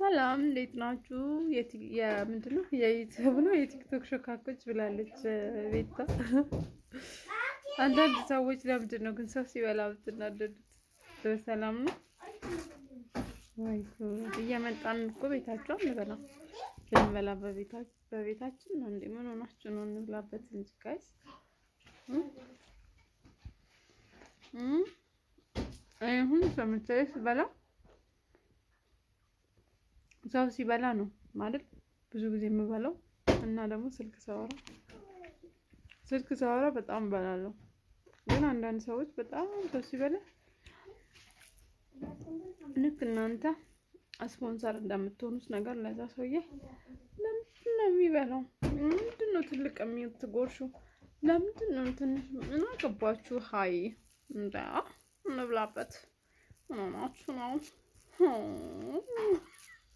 ሰላም እንዴት ናችሁ? የምንድን ነው የዩቲዩብ ነው የቲክቶክ ሾካኮች ብላለች ቤታ። አንዳንድ ሰዎች ለምንድን ነው ግን ሰው ሲበላ ብትናደዱት? በሰላም ነው እየመጣን እኮ ቤታችሁ አንበላ ልንበላ በቤታችን ነው እንዴ? ምን ሆናችሁ ነው? እንብላበት እንጂ ጋይስ። አሁን ሰምቼ ስበላ ሰው ሲበላ ነው ማለት ብዙ ጊዜ የምበላው እና ደግሞ ስልክ ሳወራ ስልክ ሳወራ በጣም እበላለሁ። ግን አንዳንድ ሰዎች በጣም ሰው ሲበላ ልክ እናንተ ስፖንሰር እንደምትሆኑት ነገር ለዛ ሰውዬ ለምንድን ነው የሚበላው? ምንድን ነው ትልቅ የምትጎርሹ? ለምንድን ነው ትንሽ? ምን አገባችሁ? ሀይ እንደ እንብላበት ምናምናችሁ ነው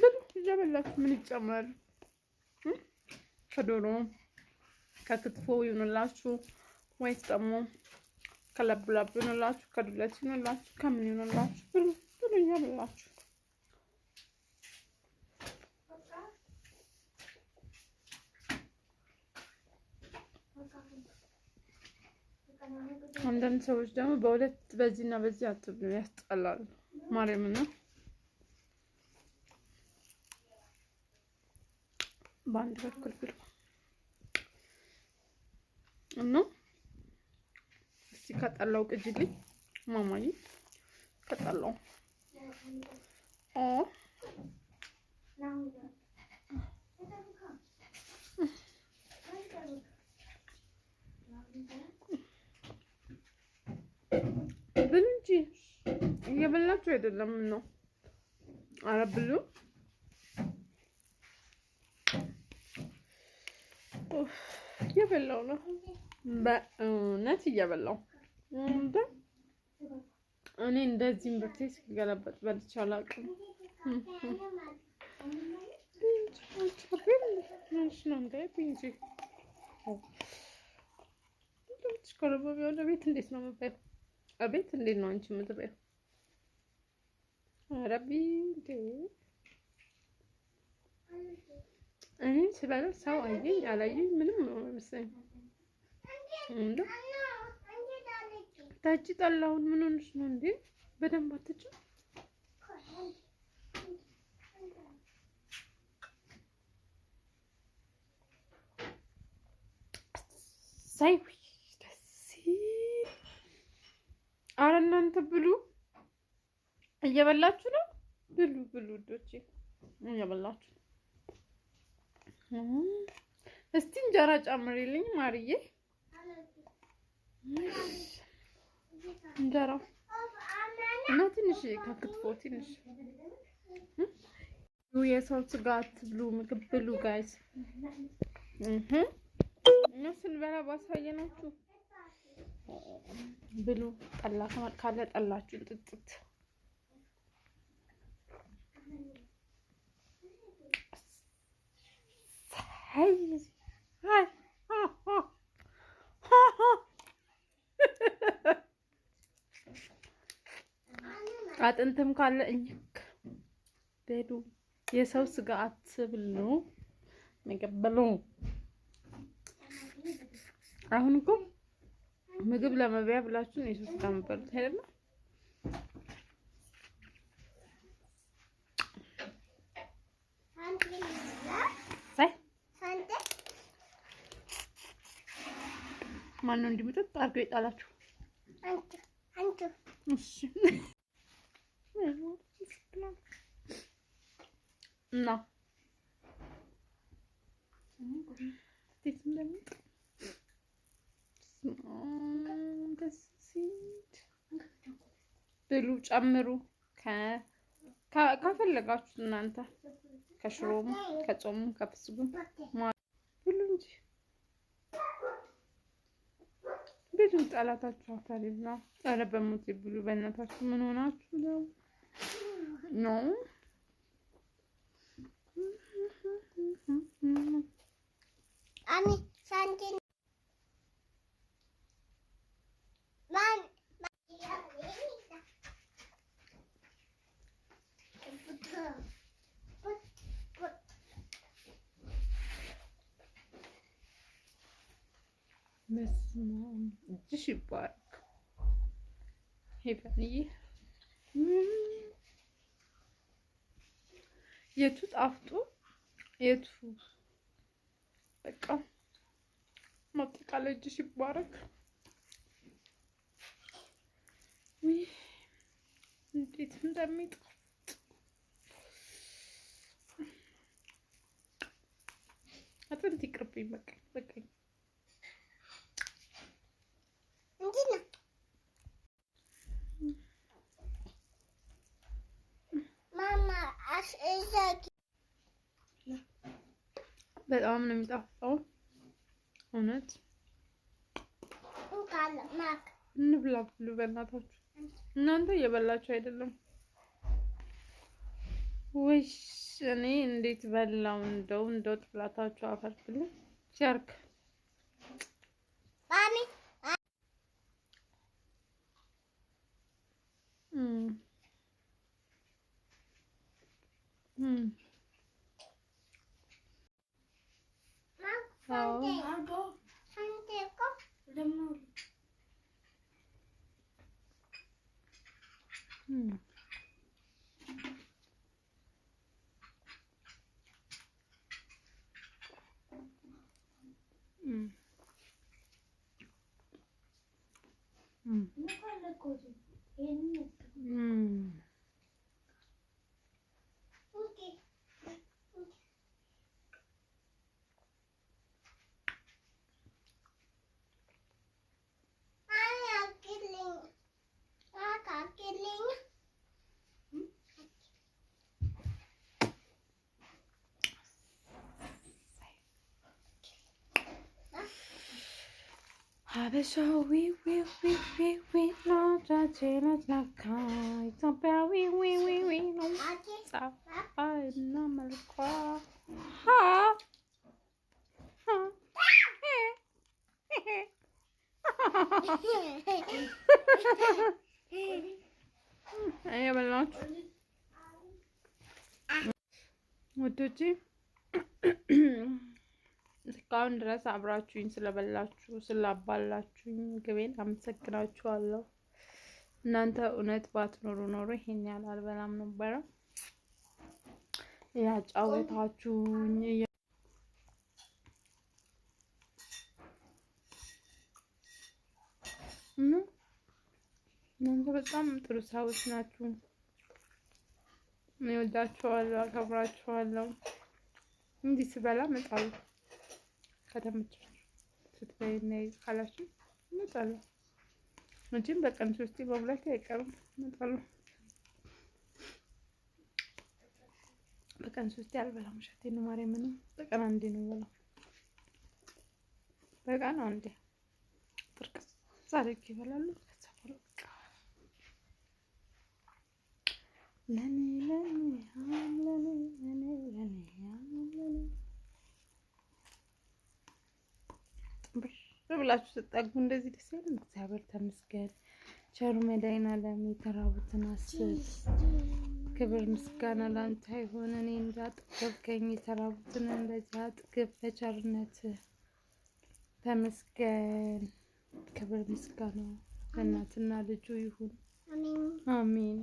ግን እያበላችሁ ምን ይጨመር? ከዶሮ ከክትፎ ይሆንላችሁ ወይስ ደግሞ ከለብለብ ይሆንላችሁ ከዱለት ይሆንላችሁ ከምን ይሆንላችሁ? ብሉ ብሉ እያበላችሁ አንዳንድ ሰዎች ደግሞ በሁለት በዚህና በዚህ አትብሉ ያስጠላሉ። ማርያም ነው በአንድ በኩል ብሎ እና እስቲ ከጠላው ቅጅልኝ ማማዬ ከጠላው ብሉ እንጂ እየበላችሁ አይደለም ነው? ኧረ ብሉ። እየበላው ነው በእውነት እየበላው እኔ እንደዚህም ብርቴ ስገለበጥ በልቼ አላውቅም። ቤት እንዴት ነው የምትበይው? አቤት እንዴት ነው አንቺ የምትበይው? አረቢ እንዴ! እኔ ስበላ ሰው አየኝ አላየኝ ምንም ነው እንዴ ታጭ ጠላውን ምን ሆነሽ ነው እንዴ? በደንብ አትጭ ሳይኩ አረ እናንተ ብሉ፣ እየበላችሁ ነው። ብሉ ብሉ ውዶቼ፣ እየበላችሁ እስቲ እንጀራ ጨምሪልኝ ማርዬ፣ እንጀራ እና ትንሽ ከክትፎ ትንሽ የሰው ስጋ አትብሉ፣ ምግብ ብሉ ጋይስ። እና ስንበላ ባሳየናችሁ ብሉ። ጠላ ካለ ጠላችሁ ጥጥት አጥንትም ካለ እኝክ የሰው ስጋ አትብሉ። ምግብ ብሉ። አሁን እኮ ምግብ ለመብያ ብላችሁ ነው የሶስት ቀን የምትበሉት አይደለም። ማን ነው እንዲምጥጥ አድርጎ የጣላችሁ? አንተ አንተ። እሺ ብሉ፣ ጨምሩ። ከፈለጋችሁ እናንተ ከሽሮም ከጾሙም ከፍስጉም ብሉ እንጂ ብዙም ጠላታችሁ አታሪፍ ነው። በሙት በሞት ብሉ። በእናታችሁ ምን ሆናችሁ ነው ነው አኔ በስመ አብ እጅሽ ይባርክ። ሄቨንዬ የቱ ጣፍጦ የቱ በቃ ማጠቃላይ እጅሽ ይባረክ። እንዴት እንደሚጣፍጥ አጥንት ይቅርብኝ። በቃ በቃ በጣም ነው የሚጣፍጠው። እውነት እንብላ ብሉ፣ በእናታችሁ እናንተ እየበላችሁ አይደለም ወይስ እኔ እንዴት በላው? እንደው እንደው ጥላታችሁ አፈርክልኝ ቸርክ ማሚ Hmm. Mom, oh. Oui, oui, oui, oui, oui, oui, non, le ton oui, oui, oui, oui, non, ça va, non, Ah! Allez, ah. እስካሁን ድረስ አብራችሁኝ ስለበላችሁ ስላባላችሁኝ ምግቤን አመሰግናችኋለሁ። እናንተ እውነት ባትኖሩ ኖሮ ይሄን ያህል አልበላም ነበረ። ያጫወታችሁኝ እናንተ በጣም ጥሩ ሰዎች ናችሁ። እወዳችኋለሁ፣ አከብራችኋለሁ። እንዲህ ስበላ መጣሉ ከተመቸሽ ስትበይ ነይ ካላችሁ እመጣለሁ። መቼም በቀን ሶስቴ በሁለቴ አይቀርም እመጣለሁ። በቀን ሶስቴ አልበላም። ውሸቴ ነው። ማርያምን በቀን አንዴ ነው የምበላው። በቀን አንዴ ጥርቅስ አድርጌ ይበላሉ። ለኔ ለኔ ለኔ ለኔ ለኔ ብላችሁ ስጠጉ እንደዚህ ደስ ይላል። እግዚአብሔር ተመስገን። ቸሩ መድኃኔዓለም የተራቡትን አስብ። ክብር ምስጋና ላንተ ይሁን። እኔ እንዳጠገብከኝ የተራቡትን እንደዚህ አጥግብ። በቸርነት ተመስገን። ክብር ምስጋና ለእናትና ልጁ ይሁን። አሜን።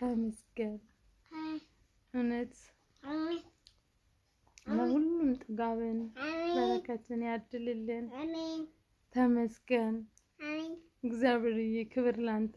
ተመስገን እውነት ለሁሉም ጥጋብን በረከትን ያድልልን። ተመስገን እግዚአብሔርዬ፣ ክብር ላንተ።